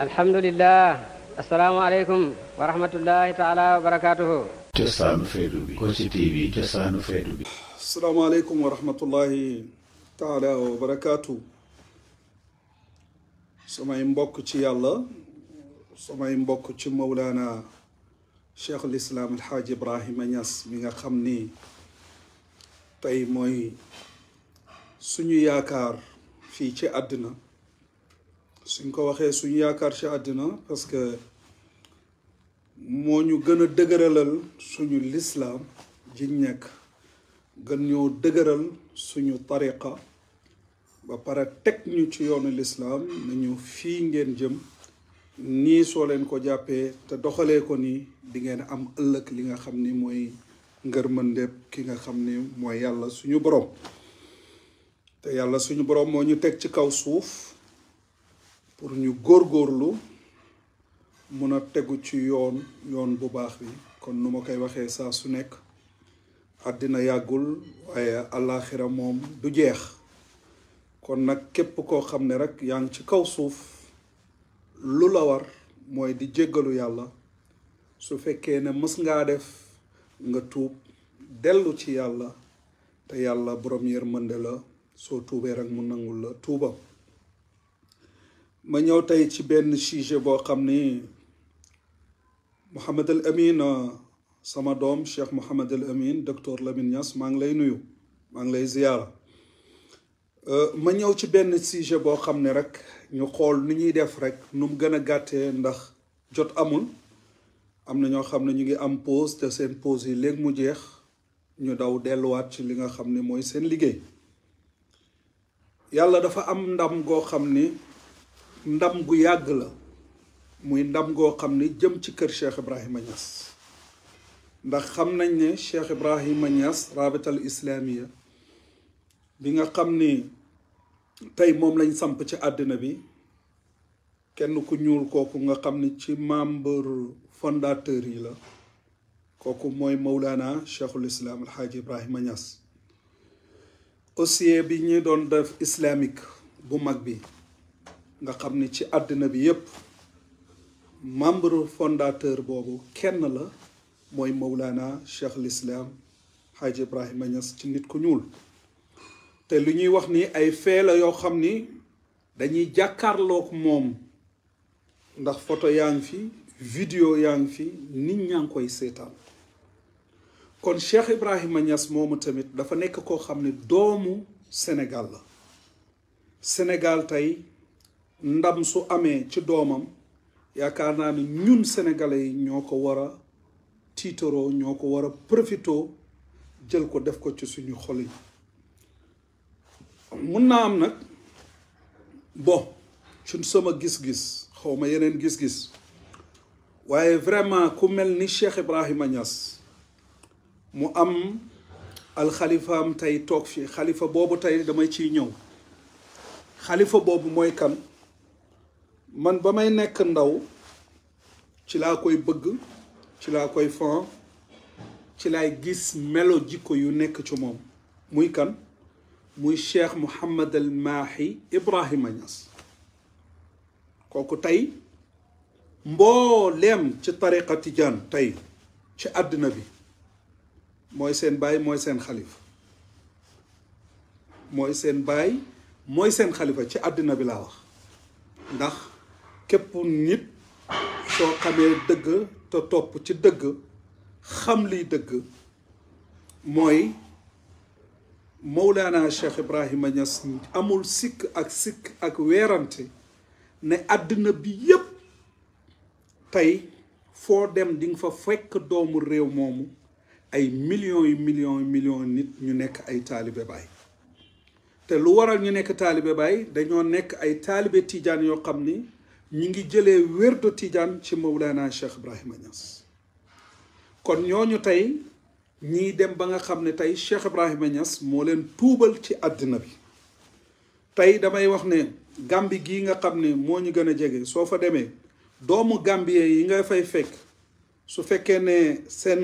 الحمد لله السلام عليكم ورحمة الله تعالى وبركاته جسان فيدوبي كوسي تي في جسان فيدوبي السلام عليكم ورحمة الله تعالى وبركاته سمعين بوكو تي الله سمعين بوكو تي مولانا شيخ الإسلام الحاج إبراهيم نياس ميغا خمني تاي موي سونو ياكار في تي أدنى suñ ko waxee suñ yaakaar ci àddina parce que moo ñu gën a dëgëralal suñu lislaam ji nekk gën ñoo dëgëral suñu tariqa ba pare teg ñu ci yoonu lislaam nañu fii ngeen jëm nii soo leen ko jàppee te doxalee ko nii di ngeen am ëllëg li nga xam ni mooy ngër ngërmandépp ki nga xam ni mooy yàlla suñu boroom te yàlla suñu borom moo ñu teg ci kaw suuf pour ñu góor góorlu mun a tegu ci yoon yoon bu baax bi kon nu ma koy waxee saa su nekk àddina yàggul waaye àllaaxira moom du jeex kon nag képp koo xam ne rek yaa ngi ci kaw suuf lu la war mooy di jéggalu yàlla su fekkee ne mës ngaa def nga tuub dellu ci yàlla te yàlla borom yërmande la soo tuubee rek mu nangul la tuuba ma ñëw tey ci benn sujet boo xam ni Mouhamed El Amin sama doom Cheikh Mouhamed El Amin docteur Lamine Niass maa ngi lay nuyu maa ngi lay ziyaara euh, ma ñëw ci benn sujet boo xam ne rek ñu xool nu ñuy def rek nu mu gën a gàttee ndax jot amul am na ñoo xam ne ñu ngi am pause te seen pose yi léegi mu jeex ñu daw delluwaat ci li nga xam ne mooy seen liggéey yàlla dafa am ndam goo xam ni ndam gu yàgg la muy ndam goo xam ne jëm ci kër Cheikh Ibrahima Niass ndax xam nañ ne Cheikh Ibrahima Niass rabital islamiya bi nga xam ni tey moom lañ samp ci àddina bi kenn ku ñuul kooku nga xam ni ci membre fondateur yi la kooku mooy Mawlana Cheikhul Islam Alxaaji Ibrahima Niass aussi bi ñu doon def islamique bu mag bi nga xam ne ci àddina bi yépp membre fondateur boobu kenn la mooy Mawlana Cheikh l'Islam Hadj Ibrahima Niass ci nit ku ñuul te lu ñuy wax ni ay fee yoo xam ni dañuy jàkkaarlook moom ndax foto yaa ngi fi vidéo yaa ngi fi nit ñaa ngi koy seetaan kon Cheikh Ibrahima Niass moomu tamit dafa nekk koo xam ne doomu Sénégal la Sénégal tey ndam su amee ci doomam yaakaar naa ne ñun sénégalais yi ñoo ko war a tiitaroo ñoo ko war a profitoo jël ko def ko ci suñu xol yi mun naa am nag bon ci sama gis-gis xaw ma yeneen gis-gis waaye vraiment ku mel ni Cheikh Ibrahima Niass mu am alxalifaam tey toog fii xalifa boobu tey damay ciy ñëw xalifa boobu mooy kan man bamay nek ndaw ci la koy bëgg ci la koy fon ci lay gis melo jikko yu nek ci mom muy kan muy cheikh mohammed al Mahi ibrahim anas koku tay mbollem ci tariqa tijan tay ci àddina bi moy sen bay moy sen khalifa moy sen bay moy sen khalifa ci àddina bi la wax ndax képp nit soo xamee dëgg te topp ci dëgg xam liy dëgg mooy Mawlana Cheikh Ibrahima Niass amul sikk ak sikk ak weerante ne àddina bi yépp tey foo dem di nga fa fekk doomu réew moomu ay millions yu millions yu nit ñu nekk ay taalibe baay te lu waral ñu nekk taalibe baay dañoo nekk ay taalibe tijaan yoo xam ni ñu ngi jëlee wérdu tijaan ci Mawlana Cheikh Ibrahima Niass kon ñooñu tey ñii dem ba nga xam ne tey Cheikh Ibrahima Niass moo leen tuubal ci àddina bi tey damay wax ne Gàmbi gii nga xam ne moo ñu gën a jege soo fa demee doomu gàmbi yi nga fay fekk su fekkee ne seen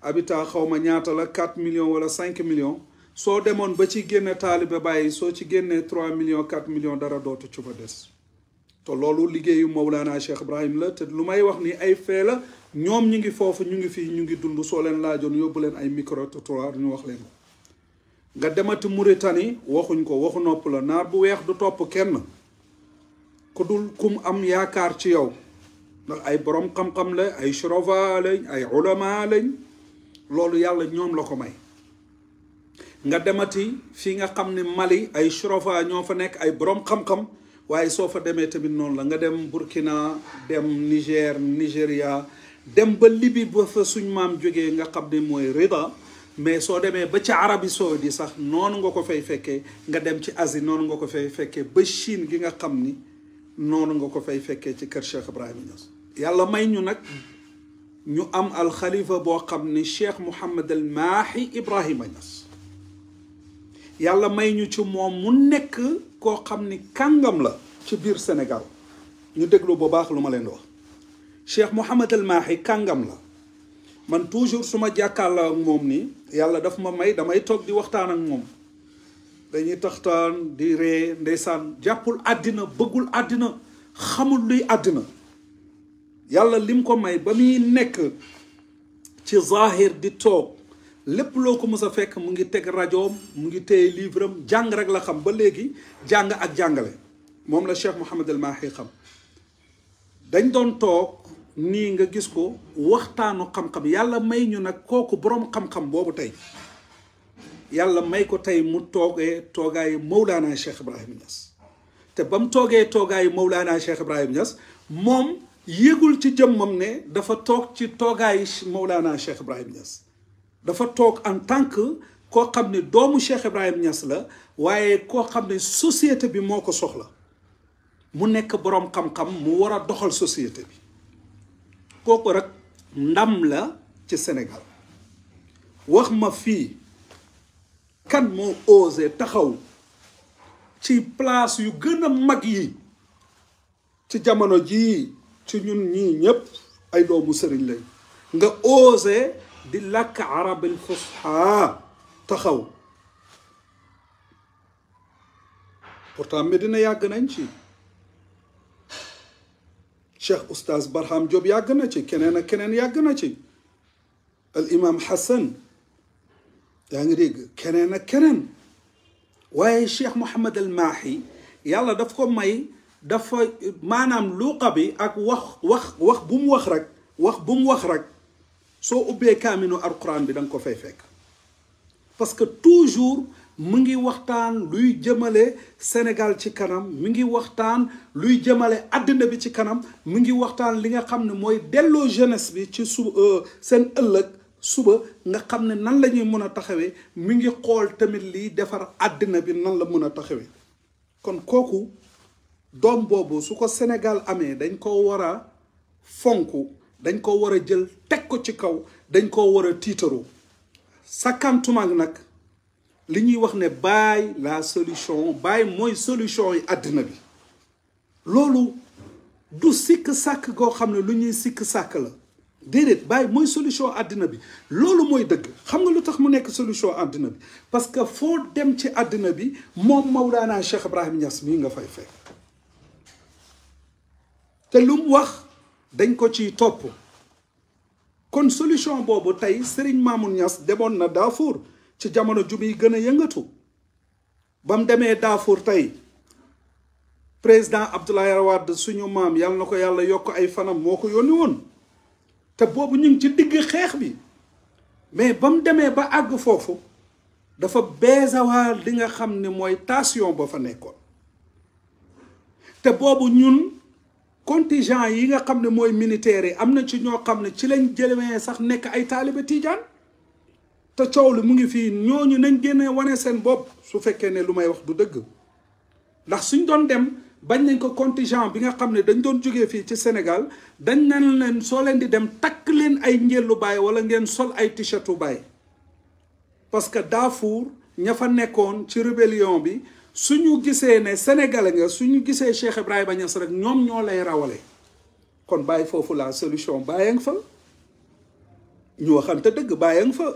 habitat xawma ñaata la 4 million wala 5 millions soo demoon ba ci génne taalibe bàyyi soo ci génnee 3 million 4 million dara dootu ci fa des te loolu liggéeyu شيخ Cheikh Ibrahim la te lu may wax ni ay fee la ñoom ñu ngi foofu ñu ngi fii ñu ngi dund soo leen laajoon yóbbu leen ay micro-trottoir ñu wax leen ko nga demati Mauritanie waxuñ ko waxu nopp la naar bu weex du topp kenn ku dul kum am yaakaar ci yow ndax ay borom xam-xam la ay shurava lañ ay ulama lañ loolu yàlla ñoom la ko may nga demati fi nga xam ne Mali ay shurava ñoo fa nekk ay borom xam-xam waye soo fa demee tamit non la nga dem Burkina dem Niger Nigeria dem ba Libi bo fa suñ mam jogé nga xamné moy Rida mais so demé ba ci Arabie Saoudi sax non nga ko fay féké nga dem ci Asie non nga ko fay féké ba Chine gi nga xamni non nga ko fay féké ci kër Cheikh ibrahim Niass yàlla may ñu nak ñu am al khalifa bo xamni Cheikh mohammed al Mahi ibrahim Niass yàlla may ñu ci mom mu nek koo xam ni kàngam la ci biir Sénégal ñu déglu bu baax lu ma leen wax Cheikh Mouhamad El Mahi kàngam la man toujours su ma ak moom nii yàlla daf ma may damay toog di waxtaan ak moom dañuy taxtaan di ree ndeysaan jàppul àddina bëggul àddina xamul luy àddina yàlla lim ko may ba muy nekk ci zahir di toog lépp loo ko mës a fekk mu ngi teg rajoom mu ngi téye livre jàng rek la xam ba léegi jàng ak jàngale moom la Cheikh Mouhamed El xam dañ doon toog nii nga gis ko waxtaanu xam-xam yàlla may ñu nag kooku boroom xam-xam boobu tey yàlla may ko tey mu toogee toogaayu Mawlana Cheikh Ibrahim Niass te ba mu toogee toogaayu Mawlana Cheikh Ibrahim Niass moom yëgul ci jëmmam ne dafa toog ci toogaayu Mawlana Cheikh Ibrahim Niass dafa toog en tant que koo xam ne doomu Cheikh Ibrahim Niass la waaye koo xam ne société bi moo ko soxla mu nekk borom xam-xam mu war a doxal société bi kooku rek ndam la ci Sénégal wax ma fii kan moo osé taxaw ci place yu gën a mag yi ci jamono jii ci ñun ñii ñëpp ay doomu sëriñ lañ nga osé دلك عرب الفصحى تخو Pourtant, Medina yàgg nañ ci Cheikh Oustaz Barham Diop yàgg na ci keneen ak keneen yàgg na ci al imam Hassan yaa ngi dégg keneen ak keneen waaye Cheikh Mouhamed al Mahi yàlla daf ko may dafa maanaam luqa bi ak wax wax wax bu mu wax rek wax bu mu wax rek so ubbe kamino alquran bi dang ko fay fek parce que toujours mu ngi waxtaan luy jëmale Sénégal ci kanam mu ngi waxtaan luy jëmale àddina bi ci kanam mu ngi waxtaan li nga xamne moy dello jeunesse bi ci euh sen ëllëg suba nga xamne nan lañuy mëna taxawé mu ngi xol tamit li defar àddina bi nan la mëna taxawé kon koku dom bobu suko Sénégal amé dañ ko wara fonku dañ koo war a jël teg ko ci kaw dañ koo war a tiitaru tiitaroo sakantumaag nag li ñuy wax ne bàyyi la solution bàyyi mooy solution yi àddina bi loolu du sikk sàkk koo xam ne lu ñuy sikk sàkk la déedéet bàyyi mooy solution àddina bi loolu mooy dëgg xam nga lu tax mu nekk solution àddina bi parce que foo dem ci àddina bi moom Mawlaana Cheikh Ibrahim Niass mii nga fay fekk te lu wax dañ ko ci topp kon solution boobu tey Serigne Mamoun Niass demoon na Darfour ci jamono ju muy gën a yëngatu ba mu demee Darfour tey président Abdoulaye Wade suñu maam yàlla na ko yàlla yokk ay fanam moo ko yónni woon te boobu ñu ngi ci digg xeex bi mais ba mu demee ba àgg foofu dafa beesawaar li nga xam ne mooy tension ba fa nekkoon te boobu ñun contingent yi nga xam ne mooy militaires yi am na ci ñoo xam ne ci lañ jëlee sax nekk ay taaliba tiijaan te coow li mu ngi fii ñooñu nañ génne wane seen bopp su fekkee ne lu may wax du dëgg ndax suñ doon dem bañ nañ ko contigent bi nga xam ne dañ doon jógee fii ci Sénégal dañ nan leen soo leen di dem takk leen ay njëllu baay wala ngeen sol ay t-shirtu baay parce que Darfour ña fa nekkoon ci rébellion bi suñu gisee ne sénégalais nga ñu gisee Cheikh Ibrahima Niass rek ñoom ñoo lay rawale kon bàyyi foofu la solution bàyyi nga fa ñu waxante dëgg bàyyi nga fa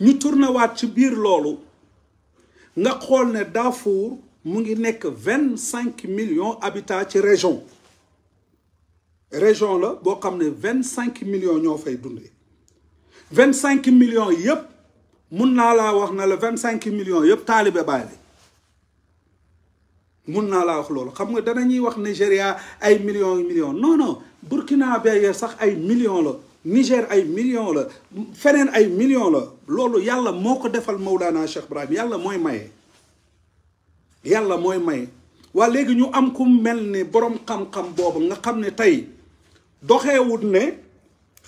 ñu turnewaat ci biir loolu nga xool ne Darfour mu ngi nekk vingt cinq millions habitants ci région région la boo xam ne vingt cinq millions ñoo fay dundee vingt cinq millions yëpp mun naa laa wax na la vingt cinq millions yëpp taalibe Baay mun naa laa wax loolu xam nga danañuy wax Nigéria ay millions millions non non Burkina Faso sax ay millions la Niger ay millions la feneen ay millions la loolu yàlla moo ko defal Mawlana Cheikh Ibrahim yàlla mooy maye. yàlla mooy maye waa léegi ñu am ku mel ni borom xam-xam boobu nga xam ne tey doxeewut ne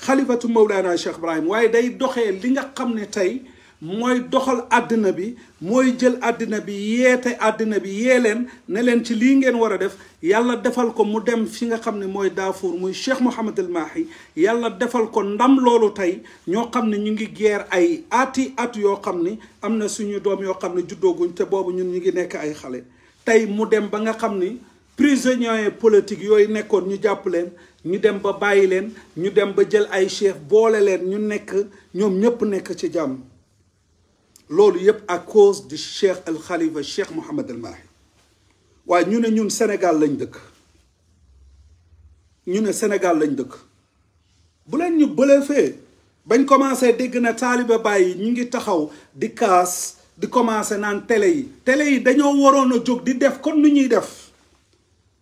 xalifatu Mawlana Cheikh Ibrahim waaye day doxee li nga xam ne tey. mooy doxal àddina bi mooy jël àddina bi yeete àddina bi yee leen ne leen ci lii ngeen war a def yàlla defal ko mu dem fi nga xam ne mooy Daafuur muy Cheikh Mouhamadul Mahi yàlla defal ko ndam loolu tey ñoo xam ne ñu ngi geer ay ati at yoo xam ni am na suñu doom yoo xam ne juddooguñ te boobu ñun ñu ngi nekk ay xale tey mu dem ba nga xam ni prisonniers politiques yooyu nekkoon ñu jàpp leen ñu dem ba bàyyi leen ñu dem ba jël ay chef boole leen ñu nekk ñoom ñëpp nekk ci jàmm loolu yëpp à cause du cheikh al khalifa cheikh mohammed al Mahi wa ñu ne ñun Sénégal lañ dëkk ñu ne Sénégal lañ dëkk bu leen ñu bële fee bañ commencé dégg na talibé bàyyi ñi ngi taxaw di kaas di commencé nan télé yi télé yi dañoo waroon jóg di def kon nu ñuy def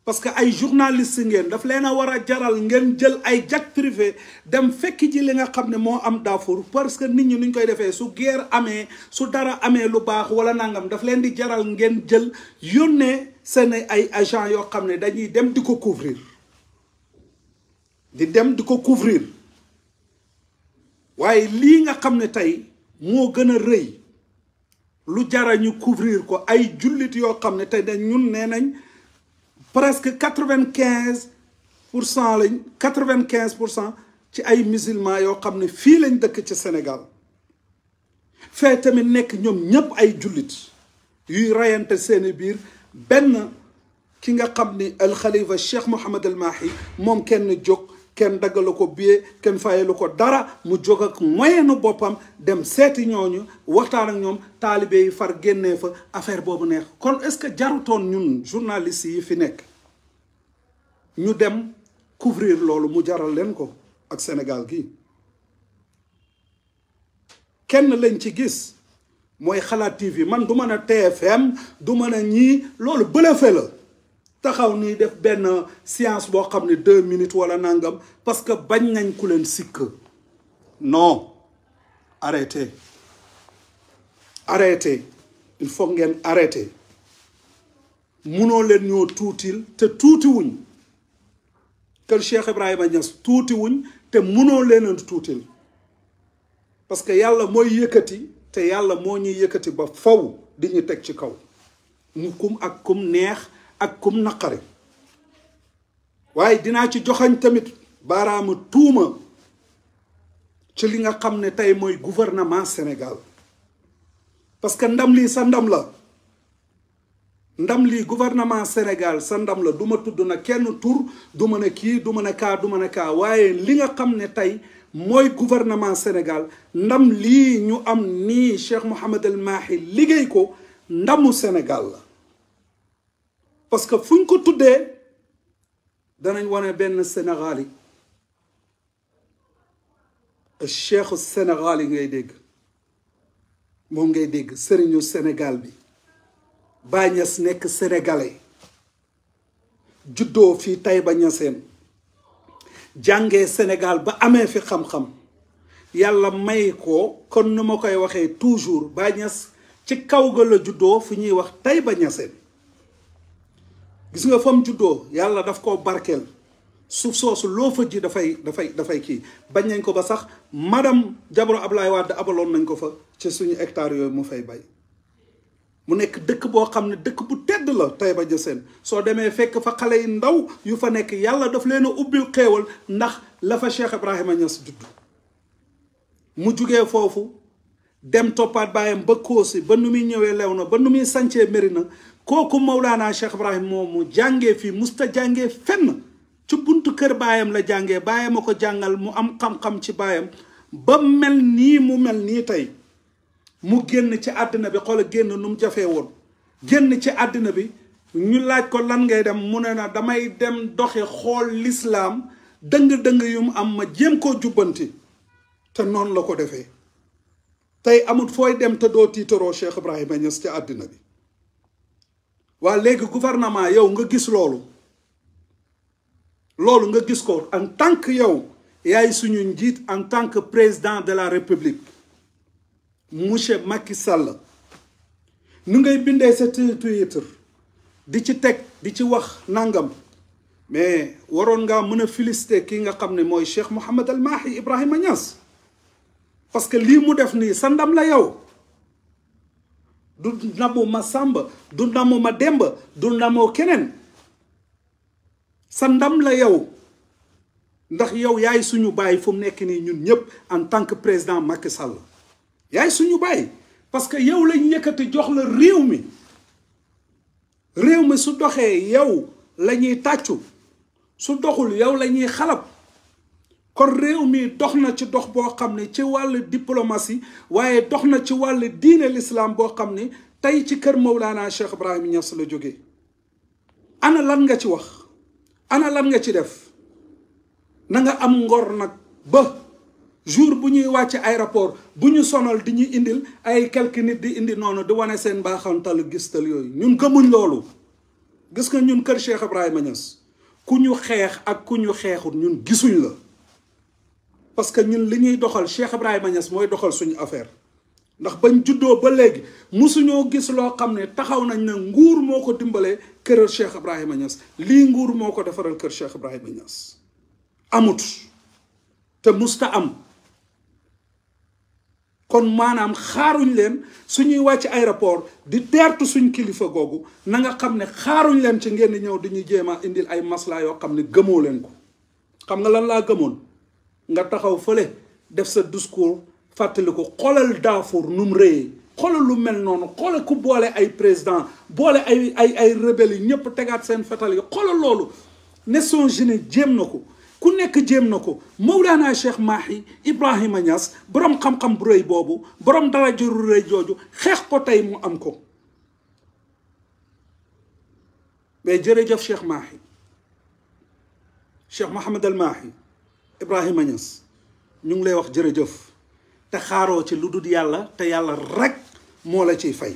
parce que ay journaliste ngeen daf leen a war a jaral ngeen jël ay jet privé dem fekk ji li nga xam ne moo am Darfour parce que nit ñi nuñ koy defee su guerre amee su dara amee lu baax wala nangam daf leen di jaral ngeen jël yónnee seen ay agent yoo xam ne dañuy dem di ko couvrir di dem di ko couvrir waaye lii nga xam ne tey moo gën a rëy lu jara ñu couvrir ko ay jullit yoo xam ne tey dañ ñun nee nañ presque 95% lan 95% ci ay musulmans yo xamné fi lañ dëkk ci Sénégal fee tamit nek ñom ñëpp ay julit yu rayanté seen biir ben ki nga xamné al khalifa Cheikh mohammed al Mahi mom kenn jox kenn daggalu ko billet kenn fayalu ko dara mu jóg ak boppam dem seeti waxtaan ak ñoom taalibe yi far génnee fa affaire boobu neex kon est-ce que jarutoon ñun journaliste yi fi nekk ñu dem couvrir loolu mu jaral leen ko ak Sénégal gi kenn lañ ci gis mooy xalaat TV man du mën a TFM du mën a ñii loolu bëlëfe la taxaw nii def ben science bo xam 2 minutes wala nangam parce que bañ nañ ku leen sikk non arrêtez arrêtez il faut ngeen arrêter munoo len ñoo tuutil te tuutiwuñ kër Cheikh Ibrahima touti wuñ te munoo len toutil parce que yalla moy yëkkati te yalla mo ñuy yëkkati ba faw di ñu tek ci kaw ñu kum ak kum neex ak kum naqari waaye dinaa ci joxañ tamit baaraama tuuma ci li nga xam ne tey mooy gouvernement Sénégal parce que ndam lii sa ndam la ndam lii gouvernement Sénégal sa ndam la du ma tudd na kenn tur du ma ne kii du ma ne kaa du ma ne waaye li nga xam ne tey mooy gouvernement Sénégal ndam lii ñu am nii Cheikh Mouhamed El Mahi liggéey ko ndamu Sénégal la parce que fu ñu ko tuddee danañ wane benn sénégali e cheikhu sénégal yi ngay dégg moom ngay dégg sëriñu sénégal bi Baay Ñas nekk sénégalais juddoo fii Taïba Ñaseen jànge sénégal ba amee fi xam-xam yàlla may ko kon nu ma koy waxee toujours Baay ci kaw ga la juddoo fu ñuy wax Taïba Ñaseen gis nga fam juddoo yàlla daf koo barkeel suuf soosu loo fa ji dafay dafay dafay kii bañ nañ ko ba sax madame Jabro Ablaye Wade abaloon nañ ko fa ci suñu hectare yooyu mu fay bay mu nekk dëkk boo xam ne dëkk bu tedd la Taïba Niassène soo demee fekk fa xale yi ndaw yu fa nekk yàlla daf leen a ubbil xéewal ndax la fa Cheikh Ibrahima Niass judd mu jugee foofu dem toppaat baayam ba Koosi ba nu muy ñëwee lew na ba nu muy sancee Mérina kooku Mawlaana Cheikh Ibrahim moomu jàngee fii musta jàngee fenn ci buntu kër baayam la jàngee baayam a ko jàngal mu am xam-xam ci baayam ba mel nii mu mel nii tey mu génn ci àddina bi xoola génn nu mu jafee woon génn ci àddina bi ñu laaj ko lan ngay dem mu ne na damay dem doxi xool lislaam dëng-dëng yu mu am ma jéem koo jubbanti te noonu la ko defee tey amut fooy dem te doo tiitaroo Cheikh Ibrahima Niass ci àddina bi waa léegi gouvernement yow nga gis loolu loolu nga gis ko en tant yow yaay suñu njiit en tant que président de la république monsieur Macky Sall nu ngay bindee sa Twitter di ci teg di ci wax nangam mais waroon ngaa mën a féliciter kii nga xam ne mooy Cheikh Mouhamed El Mahi Ibrahima Niass parce que lii mu def nii sa ndam la yow du namu ma sàmba du namu ma demba du namoo keneen sa ndam la yow ndax yow yaay suñu baay fu mu nekk nii ñun ñëpp en tant que président Macky Sall yaay suñu baay parce que yow lañ yëkkati jox la réew mi réew mi su doxee yow la tàccu su doxul yow lañuy ñuy xalab kon réew mi dox na ci dox boo xam ne ci wàllu diplomatie waaye dox na ci wàll diine lislaam boo xam ne tey ci kër Mawlana Cheikh Ibrahim Niass la jóge ana lan nga ci wax ana lan nga ci def na nga am ngor nag ba jour bu ñuy wàcc aéroport bu ñu sonal di ñu indil ay quelque nit di indi noonu di wane seen baaxantal gistal yi ñun gëmuñ loolu gis nga ñun kër Cheikh Ibrahima Niass ku ñu xeex ak ku ñu xeexut ñun gisuñ la parce que ñun li ñuy doxal Cheikh Ibrahima Niass mooy doxal suñu affaire ndax bañ juddoo ba léegi musuñoo gis loo xam ne taxaw nañ ne nguur moo ko dimbalee këral Cheikh Ibrahima Niass lii nguur moo ko defaral kër Cheikh Ibrahima Niass amut te musta am kon maanaam xaaruñ leen suñuy wàcc aéroport di teertu suñ kilifa googu nanga xam ne xaaruñ leen ci ngeen di ñëw di ñu jéem indil ay maslaa yoo xam ne gëmoo leen ko xam nga lan laa gëmoon nga taxaw fële def sa discours fàttali ko xoolal Daafour nu mu rëyee lu mel noonu ku boole ay président boole ay ay ay ñëpp tegaat seen ku nekk Mawlana Cheikh Mahi Ibrahima borom xam-xam bu borom ko mu am ko mais Cheikh Mahi Cheikh Mahi Ibrahima Niass ñu ngi lay wax jërëjëf te xaaroo ci lu dul yàlla te yàlla rek moo la ciy fay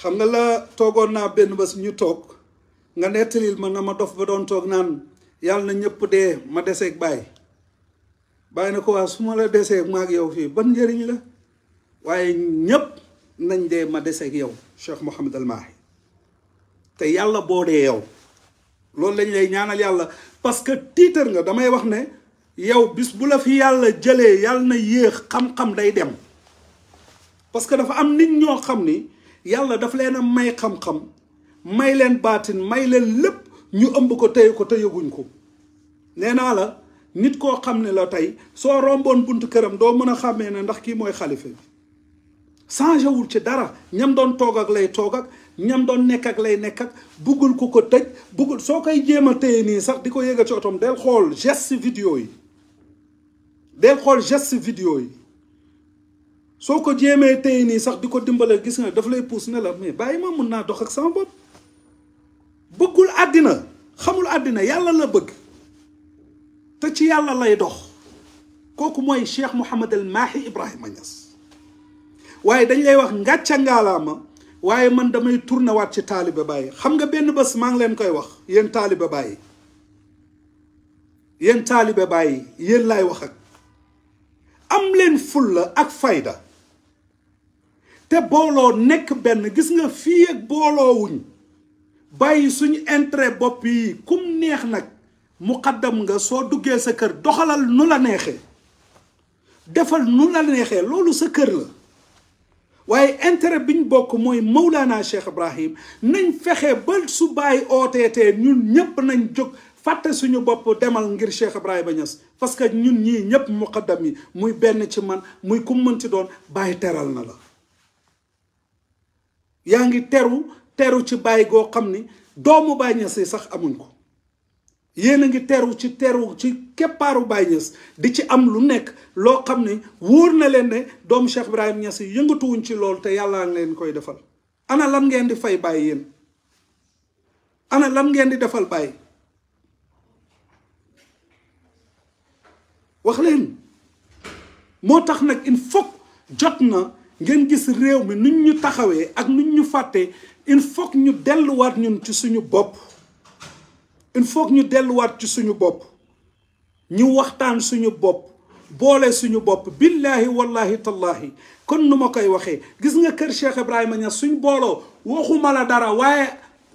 xam nga la toogoon naa benn bés ñu toog nga nettalil ma nga ma dof ba doon toog naan yàlla na ñëpp dee ma deseeg bàyyi bàyyi na ko waa su ma la deseeg ma yow fii ban njëriñ la waaye ñëpp nañ dee ma deseeg yow Cheikh Mouhamed El te yàlla boo dee yow loolu lañ lay ñaanal yàlla parce que tiitar nga damay wax ne yow bis bu la fi yàlla jëlee yàlla na yéex xam-xam day dem parce que dafa am nit ñoo xam ni yàlla daf leen a may xam-xam may leen baatin may leen lépp ñu ëmb ko téye ko te yëguñ ko nee naa la nit koo xam ne la tey soo romboon bunt këram doo mën a xàmmee ne ndax kii mooy xalifa bi changé wul ci dara ñam doon toog ak lay toog ak ñam doon nekk ak lay nekk ak buggul ku ko tëj buggul soo koy jéem a téye nii sax di ko yëga ci otom del xool geste vidéo yi del xool geste vidéo yi soo ko jéemee téye nii sax di ko dimbale gis nga daf lay pousse ne la mais bàyyi ma mun naa dox ak sama bopp bëggul àddina xamul àddina yàlla la bëgg te ci yàlla lay dox kooku mooy Cheikh Mouhamed El Mahi Ibrahima Niass waaye dañ lay wax ngàcca ngaalaama waaye man damay tourné waat ci taalibe bàyyi xam nga benn bés maa ngi leen koy wax yéen taalibe bàyyi yéen taalibe bàyyi yéen laay wax ak am leen fulla ak fayda te booloo nekk benn gis nga fii ak booloowuñ bàyyi suñu intérêt bopp yi kum neex nag muqaddam nga soo duggee sa kër doxalal nu la neexee defal nu la neexee loolu sa kër la waaye intérêt bi ñu bokk mooy Mawlana Cheikh Ibrahim nañ fexe ba su bàyyi ooteetee ñun ñëpp nañ jóg fàtte suñu bopp demal ngir Cheikh Ibrahima Niass parce que ñun ñii ñëpp muqaddam yi muy benn ci man muy ku mënti doon bàyyi teral na la. yaa ngi teru teru ci bàyyi goo xam ni doomu Baay Ñas yi sax amuñ ko yéen a ngi teru ci teerwu ci keppaaru Baye Niass di ci am lu nekk loo xam ne wóor na leen ne doomu Cheikh Ibrahim Niass yi yëngatuwuñ ci loolu te yàllaa leen koy defal ana lan ngeen di fay bàyyi yéen ana lan ngeen di defal Baye wax leen moo tax nag il faut jot na ngeen gis réew mi nuñ ñu taxawee ak nu ñu fàttee il faut ñu delluwaat ñun ci suñu bopp il faut que ñu delluwaat ci suñu bopp ñu waxtaan suñu bopp boole suñu bopp billahi wallahi tallahi kon nu ma koy waxee gis nga kër Cheikh Ibrahima Niass suñ booloo waxuma la dara waaye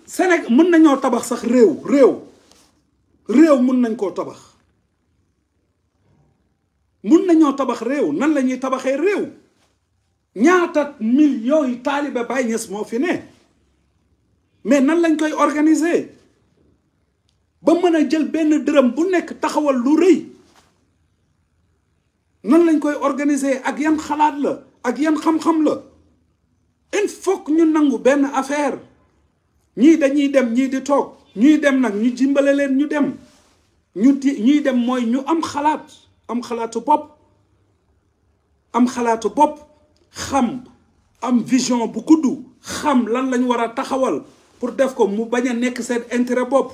Sénégal mën nañoo tabax sax réew réew réew mën nañ koo tabax mën nañoo tabax réew nan la ñuy tabaxee réew ñaata millions yi taalibe Baye Niass moo fi ne mais nan lañ koy organiser ba mën a jël benn dërëm bu nekk taxawal lu rëy nan lañ koy organiser ak yan xalaat la ak yan xam-xam la il faut ñu nangu benn affaire ñii dañuy dem ñii di toog ñuy dem nag ñu jimbale leen ñu dem ñu di ñuy dem mooy ñu am xalaat am xalaatu bopp am xalaatu bopp xam am vision bu gudd xam lan lañ war a taxawal pour def ko mu bañ a nekk seen intérêt bopp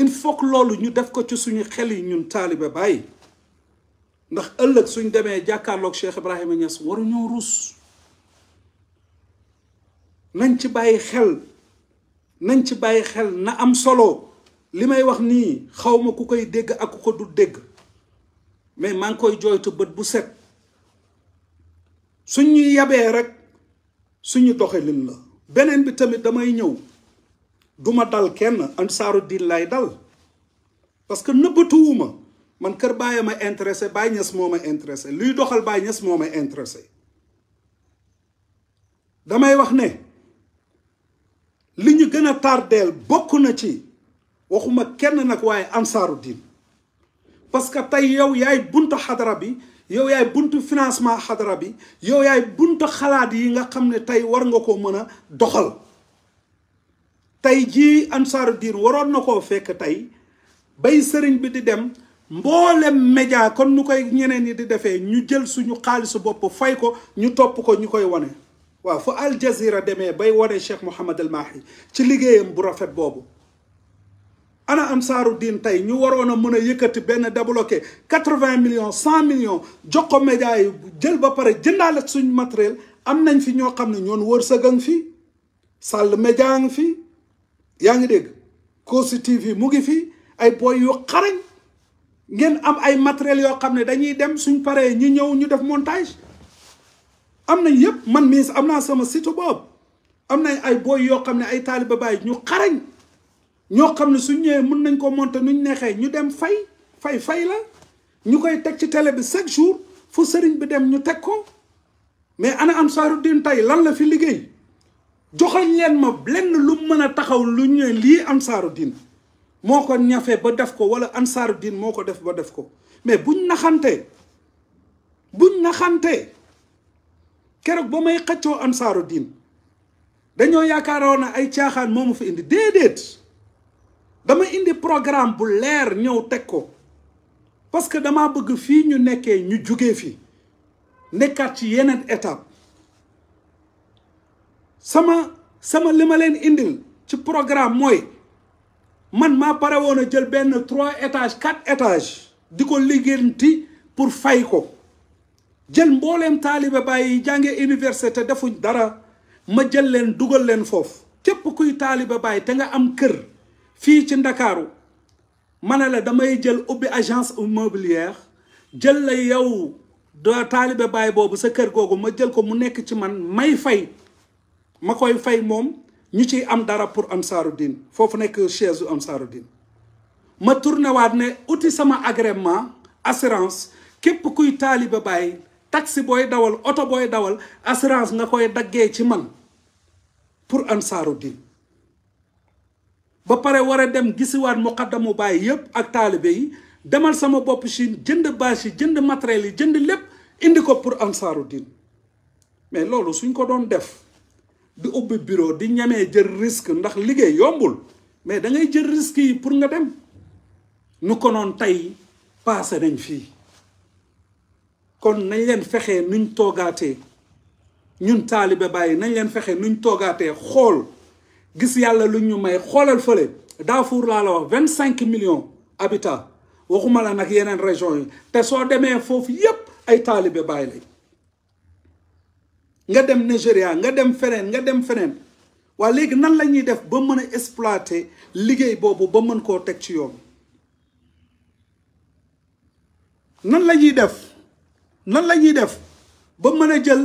il faut loolu ñu def ko ci suñu xel yi ñun taalibe bàyyi ndax ëllëg suñ demee jàkkaarloog Cheikh Ibrahima Niass waruñoo rus nañ ci bàyyi xel nañ ci bàyyi xel na am solo li may wax nii xawma ku koy dégg ak ku ko du dégg mais maa ngi koy jooytu bët bu set suñ ñu yabee rek suñu doxalin la beneen bi tamit damay ñëw duma dal kenn ansaaru diin lay dal parce que nëbbatuwuma man kër Baye ma intéressé Baye Niass moo ma intéressé luy doxal Baye Niass moo ma intéressé damay wax ne li ñu gën a tardeel bokk na ci waxuma kenn nag waaye ansaaru diin parce que tey yow yaay buntu xadara bi yow yaay buntu financement xadara bi yow yaay buntu xalaat yi nga xam ne tey war nga ko mën a doxal tey jii ansaaru diin waroon na koo fekk tey bay sëriñ bi di dem mboolem média kon ñu koy ñeneen ñi di defee ñu jël suñu xaalisu bopp fay ko ñu topp ko ñu koy wane waaw fu Al Jazeera demee bay wane Cheikh Mouhamad El Mahi ci liggéeyam bu rafet boobu ana ansaaru diin tey ñu waroon a mën a yëkkati benn débloqué quatre-vingts millions cent millions jox ko média yi jël ba pare jëndaale suñu matériel am nañ fi ñoo xam ne ñoon wërsëg a fi sàll média a fi yaa ngi dégg Kossy TV mu ngi fi ay boy yu xarañ ngeen am ay matériel yoo xam ne dañuy dem suñ paree ñu ñëw ñu def montage am nañ yëpp man mii am naa sama site boobu am nañ ay boy yoo xam ne ay taaliba baay ñu xarañ ñoo xam ne suñ ñëwee mun nañ ko monter nuñ neexee ñu dem fay fay fay la ñu koy teg ci télé bi chaque jour fu sëriñ bi dem ñu teg ko mais ana Ansaarud Din tey lan la fi liggéey joxoñ leen ma lenn lu mën a taxaw lu ñu lii am ansaaru diin moo ko ñafe ba def ko wala ansaaru diin moo ko def ba def ko mais buñ naxante buñ naxante keroog ba may xëccoo ansaaru diin dañoo yaakaaroon na ay caaxaan moomu fi indi déedéet dama indi programme bu leer ñëw teg ko parce que dama bëgg fii ñu nekkee ñu jugee fi nekkaat ci yeneen étape sama sama li ma leen indil ci programme mooy man maa pare woon a jël benn trois étages quatre étages di ko liggéeyanti pour fay ko jël mbooleem taalibe bàyyi jànge université defuñ dara ma jël leen dugal leen foofu képp kuy taalibe bàyyi te nga am kër fii ci ndakaaru ma ne la damay jël ubbi agence immobilière jël la yow da taalibe bàyyi boobu sa kër googu ma jël ko mu nekk ci man may fay ma koy fay moom ñu ci am dara pour am ansaaru diin foofu nekk chaise u ansaaru diin ma tourné waat ne uti sama agrément assurance képp kuy taaliba bàyyi taxi booy dawal oto booy dawal assurance nga koy daggee ci man pour ansaaru diin ba pare war a dem gisiwaat muqaddamu bàyyi yépp ak taalibe yi demal sama bopp Chine jënd bâche yi jënd matériel yi jënd lépp indi ko pour am ansaaru diin mais loolu suñ ko doon def di ubbi bureau di ñemee jël risque ndax liggéey yombul mais da jël risque yi pour nga dem nu konoon tey passé nañ fii kon nañ leen fexee nuñ toggaatee ñun taalibe bàyyi nañ leen fexe nuñ toggaatee xool gis yàlla lu ñu may xoolal fële Daafour laa la wax vingt cinq million habitants waxuma la nag yeneen région yi te soo demee foofu yépp ay taalibe bàyyi lañ nga dem Nigeria nga dem feneen nga dem feneen waa léegi nan lañuy def ba mën a exploité liggéey boobu ba mën koo teg ci yoon nan la ñuy def nan lañuy def ba mën a jël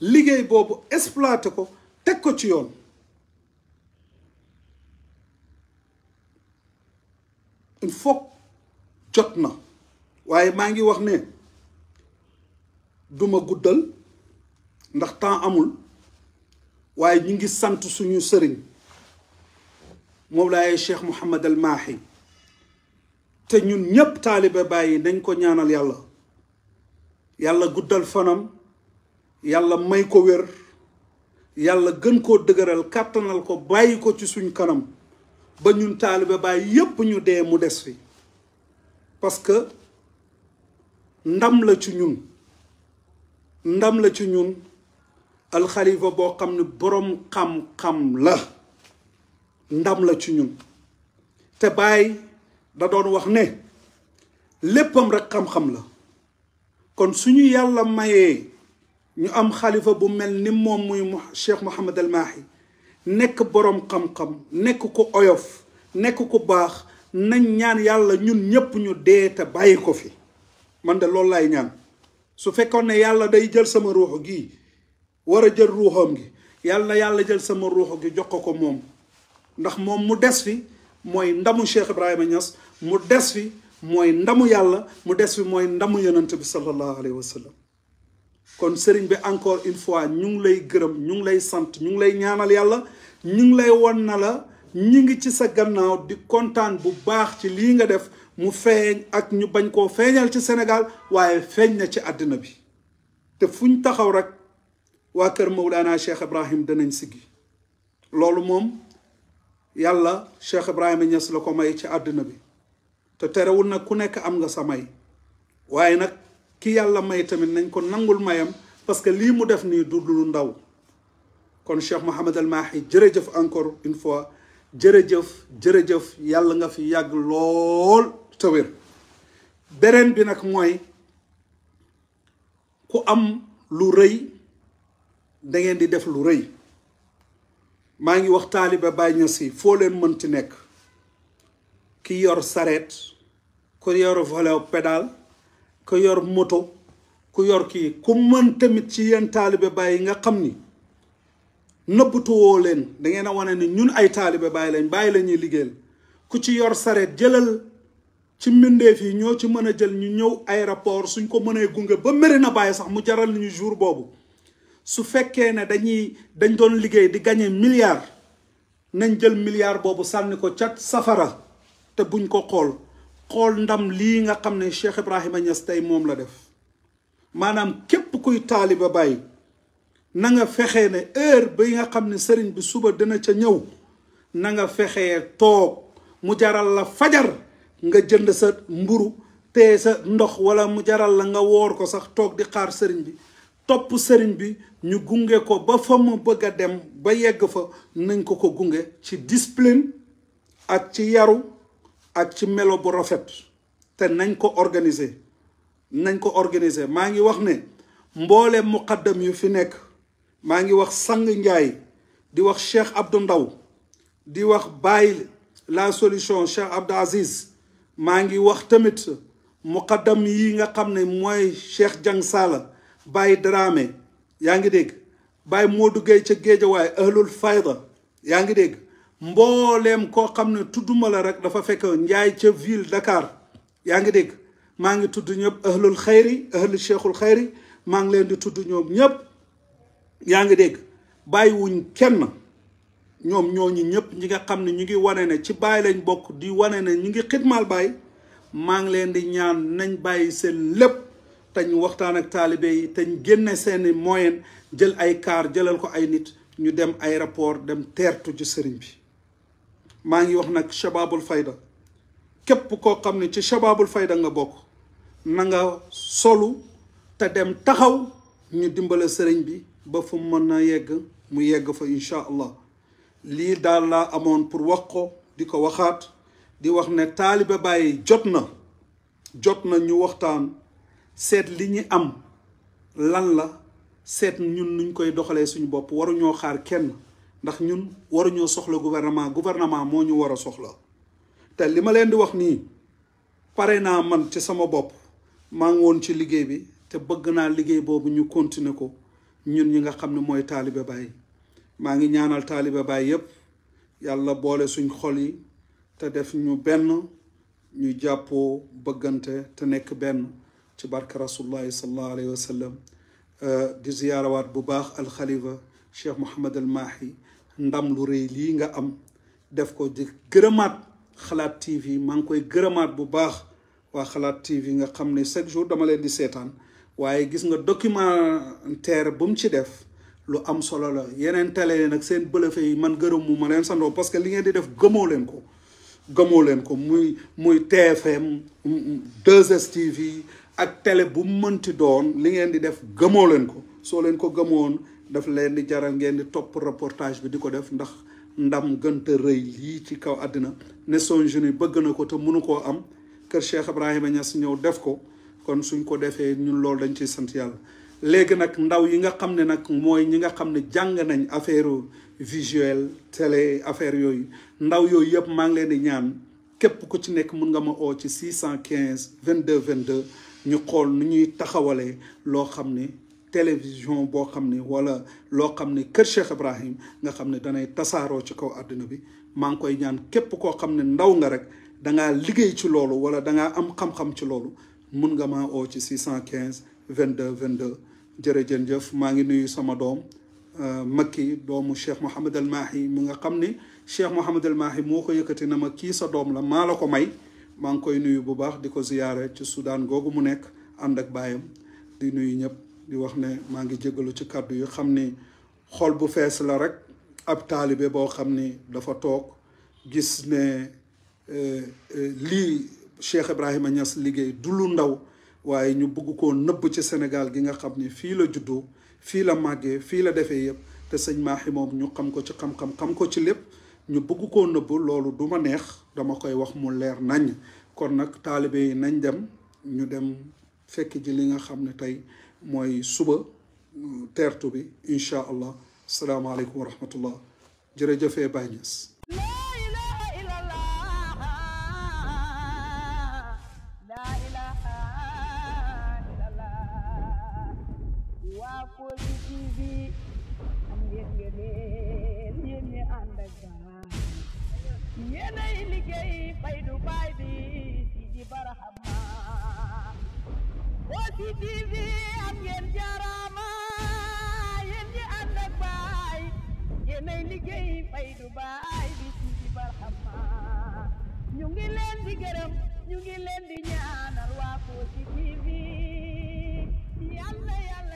liggéey boobu exploité ko teg ko ci yoon il jot na waaye maa ngi wax ne duma guddal ndax temps amul waaye ñu ngi sant suñu sëriñ Mawlaaye Cheikh Mouhamad al Maahi te ñun ñépp taalibe bàyyi dañ ko ñaanal yàlla yàlla guddal fanam yàlla may ko wér yàlla gën koo dëgëral kàttanal ko bàyyi ko ci suñ kanam ba ñun taalibe bàyyi yépp ñu dee mu des fi parce que ndam la ci ñun ndam la ci ñun alxalifa boo xam ne boroom xam-xam la ndam la ci ñun te bàyyi da doon wax ne léppam rek xam-xam la kon suñu yàlla mayee ñu am xalifa bu mel ni moom muy Cheikh Mouhamed El nekk boroom xam-xam nekk ku oyof nekk ku baax nañ ñaan yàlla ñun ñépp ñu dee te bàyyi ko fi man de loolu lay ñaan su fekkoon ne yàlla day jël sama ruux gii war a jël ruuxam gi yàlla na yàlla jël sama ruux gi jox ko ko ndax mom mu dess fi moy ndamu Cheikh Ibrahima Niass mu dess fi moy ndamu yàlla mu dess fi moy ndamu yonent bi sallallahu alayhi wasallam kon serigne bi encore une fois ñu ngi lay gërëm ñu ngi lay sante ñu ngi lay ñaanal yàlla ñu ngi lay won na la ñi ngi ci sa gannaaw di contane bu baax ci li nga def mu feñ ak ñu bañ ko feñal ci Sénégal waye feñ na ci àddina bi te fuñ taxaw rek waa kër Mawlana Cheikh Ibrahim danañ siggi loolu moom yàlla Cheikh Ibrahima Niass la ko may ci àddina bi te terewul nag ku nekk am nga sa may waaye nag ki yàlla may tamit nañ ko nangul mayam parce que lii mu def nii du lu ndaw kon Cheikh Mouhamed El Mahi jërëjëf encore une fois jërëjëf jërëjëf yàlla nga fi yàgg lool te wér beneen bi nag mooy ku am lu rëy dangeen di def lu rëy maa ngi wax taaliba Baay Ñas yi foo leen mënti nekk ki yor sareet ku yor pedaal ku yor moto ku yor kii ku mën tamit ci yéen taaliba Baay yi nga xam ni nëbbatuwoo leen dangeen a wane ni ñun ay taalibe bàyyi lañ bàyyi la ñuy liggéeyal ku ci yor sareet jëlal ci mbindeef yi ñoo ci mën a jël ñu ñëw aéroport suñ ko mënee gunge ba na Baye sax mu jaral ñu jour boobu su fekkee ne dañuy dañ doon liggéey di gagné milliard nañ jël milliard boobu sànni ko ca safara te buñ ko xool xool ndam lii nga xam ne Cheikh Ibrahima Niass tey moom la def maanaam képp kuy taaliba bàyyi na nga fexe ne heure bi nga xam ne sëriñ bi suba dina ca ñëw na nga fexe toog mu jaral la fajar nga jënd sa mburu te sa ndox wala mu jaral la nga woor ko sax toog di xaar sëriñ bi topp sëriñ bi ñu gunge ko ba fa mu bëgg a dem ba yegg fa nañ ko ko gunge ci displine ak ci yaru ak ci melo bu rafet te nañ ko organiser nañ ko organiser maa ngi wax ne mboole muqaddam yu fi nekk maa ngi wax sang njaay di wax Cheikh Abdou Ndaw di wax bàyyi la solution Cheikh Abdou Aziz maa ngi wax tamit muqaddam yi nga xam ne mooy Cheikh Jang saala bàyyi Dramé yaa ngi dégg Baye Modou Gueye ca Géejawaay ahlul fayda yaa ngi dégg mbooleem koo xam ne tudduma la rek dafa fekk njaay ca ville Dakar yaa ngi dégg maa ngi tudd ñëpp ahlul xayri ahlul cheikhul xayri maa ngi leen di tudd ñoom ñëpp yaa ngi dégg bàyyiwuñ kenn ñoom ñooñu ñëpp ñi nga xam ne ñu ngi wane ne ci bàyyi lañ bokk di wane ne ñu ngi xidmaal bàyyi maa ngi leen di ñaan nañ bàyyi seen lépp tañ waxtaan ak taalibe yi te génne seeni moyen jël ay kaar jëlal ko ay nit ñu dem ay rapport dem teertu ci sëriñ bi maa ngi wax nag shababul fayda képp koo xam ne ci shababul fayda nga bokk na nga solu te dem taxaw ñu dimbale sëriñ bi ba fu mën na yegg mu yegg fa incha allah lii daal laa amoon pour wax ko di ko waxaat di wax ne taalibe bàyyi jot na jot na ñu waxtaan seet li ñu am lan la seet ñun luñ koy doxalee suñu bopp waruñoo xaar kenn ndax ñun waruñoo soxla gouvernement gouvernement moo ñu war a soxla te li ma leen di wax nii pare naa man ci sama bopp maa ngi woon ci liggéey bi te bëgg naa liggéey boobu ñu continuer ko ñun ñi nga xam ne mooy taalibe Baay maa ngi ñaanal taalibe Baay yépp yàlla boole suñ xol yi te def ñu benn ñu jàppoo bëggante te nekk benn ci barke rasulullahi sallallahu alayhi wa sallam di ziyaarawaat bu baax alxalifa cheikh Mouhamad al Mahi ndam lu rëy lii nga am def ko di gërëmaat xalaat TV maa ngi koy gërëmaat bu baax waa xalaat TV nga xam ne chaque jour dama leen di seetaan waaye gis nga documentaire bu mu ci def lu am solo la yeneen télé nag seen bëlëfe yi man gërëm mu ma leen sandoo parce que li ngeen di def gëmoo leen ko gëmoo leen ko muy muy TFM 2STV ak télé bu mënti doon li ngeen di def gëmoo leen ko soo leen ko gëmoon daf leen di jaral ngeen di topp rapportage bi di ko def ndax ndam gënta rëy lii ci kaw àddina Nelson Junior bëgg na ko te munu koo am kër Cheikh Ibrahima Niass ñëw def ko kon suñ ko defee ñun loolu dañ ci sant léegi nag ndaw yi nga xam ne nag mooy ñi nga xam ne jàng nañ affaire visuel télé affaire yooyu ndaw yooyu yëpp maa ngi leen di ñaan képp ku ci nekk mun nga ma oo ci 615 22 22 ñu xool nu ñuy taxawalee loo xam ne télévision boo xam ne wala loo xam ne kër Cheikh Ibrahim nga xam ne danay tasaaroo ci kaw àddina bi maa ngi koy ñaan képp koo xam ne ndaw nga rek dangaa liggéey ci loolu wala dangaa am xam-xam ci loolu mun nga maa oo ci 615 22 22 jërëjëf maa ngi nuyu sama doom euh, makki doomu Cheikh Mouhamed El Mahi mu nga xam ni Cheikh Mouhamed El moo ko yëkkati na ma kii sa doom la maa la ko may maa ngi koy nuyu bu baax di ko ziyaare ci Soudan googu mu nekk ànd ak baayam di nuyu ñëpp di wax ne maa ngi jégalu ci kàddu yu xam ni xol bu fees la rek ab taalibe boo xam ni dafa toog gis ne eh, eh, lii Cheikh Ibrahima ñas liggéey du lu ndaw waaye ñu bugg ko nëbb ci Sénégal gi nga xam ni fii la juddoo fii la màggee fii la defee yëpp te sëñ Mahi moom ñu xam ko ci xam-xam xam ko ci lépp ñu bëgg koo nëbb loolu du ma neex dama koy wax mu leer nañ kon nag taalibe yi nañ dem ñu dem fekk ji li nga xam ne tey mooy suba teertu bi incha allah salaamaaleykum wa rahmatullah jërëjëfee Baye Niass yéenay liggéey fay du baay leen di gërëm ñu leen di ñaanal waa Kossy TV yàlla yàlla